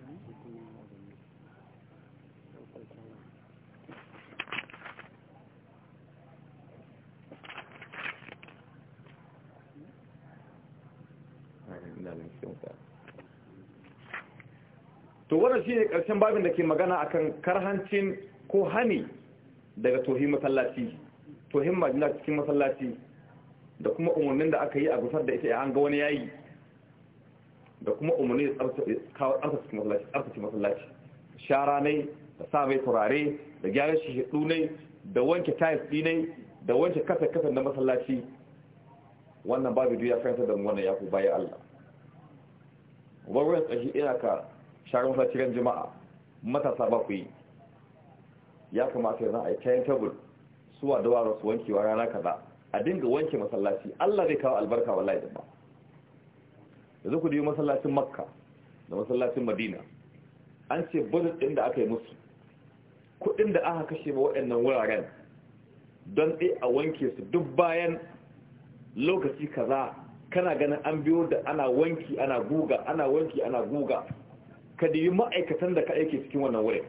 to wannan ne karshen babin da ke magana akan karhancin ko hani daga tohin masallaci tohin majina cikin masallaci da kuma umarnin da aka yi a gusar da ita ya hanga wani yayi da kuma umarnin da tsarkaci masallaci shara ne da sa mai turare da gyara shi hidu ne da wanke tayis dinai da wanke kasa kasar na masallaci wannan babu ya fahimta da wannan ya ku baya Allah. Wawar tsashi ina ka sharon fatiran jima'a matasa bakwai yi ya kamata yana a yi kayan tabul suwa wara su wankewa rana kaza a dinga wanke masallaci Allah zai kawo albarka wallahi Da yanzu ku yi masallacin makka da masallacin madina an ce budget din da aka yi musu kudin da aka kashe ba waɗannan wuraren don ɗai a wanke su duk bayan lokaci kaza kana ganin an biyo da ana wanki ana guga ana wanki ana guga ka dibi ma'aikatan da ka aike cikin wannan wurin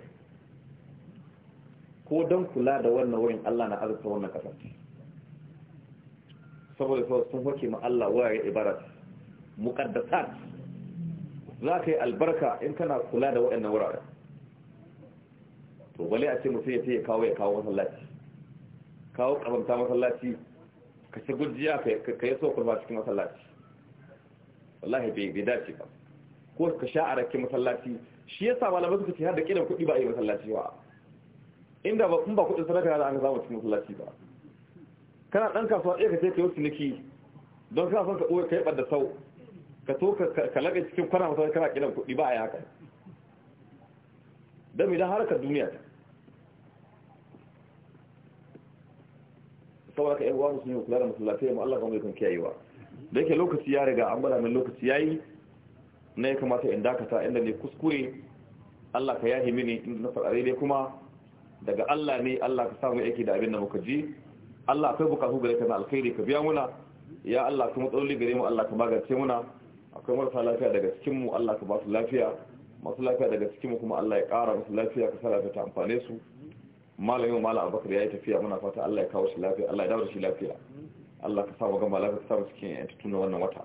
ko don kula da wannan wurin Allah na azurta wannan kasar saboda sau sun hoke ma Allah wurare ibarat muqaddasat za ka yi albarka in kana kula da waɗannan wurare to bale a ce mutum ya ce ya kawo ya kawo masallaci kawo ƙazanta masallaci ka ce gujiya ka yi so kurma cikin masallaci wallahi bai dace ba ko ka sha a rakin masallaci shi ya sa malamai suka ce har da kiran kuɗi ba a yi masallaci ba inda ba in ba kuɗin sadaka da an zama cikin masallaci ba kana ɗan kasuwa ɗaya ka sai ka yi ciniki don kana son ka ɓoye ka yi da sau ka to ka laga cikin kwana masallaci kana kiran kuɗi ba a yi haka don idan harkar duniya ta saboda ka yan uwa musulmi kula da masallatai ya Allah kan mai kan kiyayewa da yake lokaci ya riga an bada min lokaci ya yi. na ya kamata in dakata inda ne kuskure Allah ka yahi mini inda na faɗa ne kuma daga Allah ne Allah ka samu aiki da abin da muka ji Allah akwai bukatu gare ka na alkhairi ka biya muna ya Allah kuma matsaloli gare mu Allah ka magance muna akwai marasa lafiya daga cikin mu Allah ka ba su lafiya masu lafiya daga cikin mu kuma Allah ya ƙara musu lafiya ka sa ta amfane su malamin malam Abubakar yayi tafiya muna fata Allah ya kawo shi lafiya Allah ya dawo da shi lafiya Allah ka sa mu gama lafiya ka sa mu cikin yantattunan wannan wata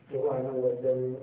昨晚上我跟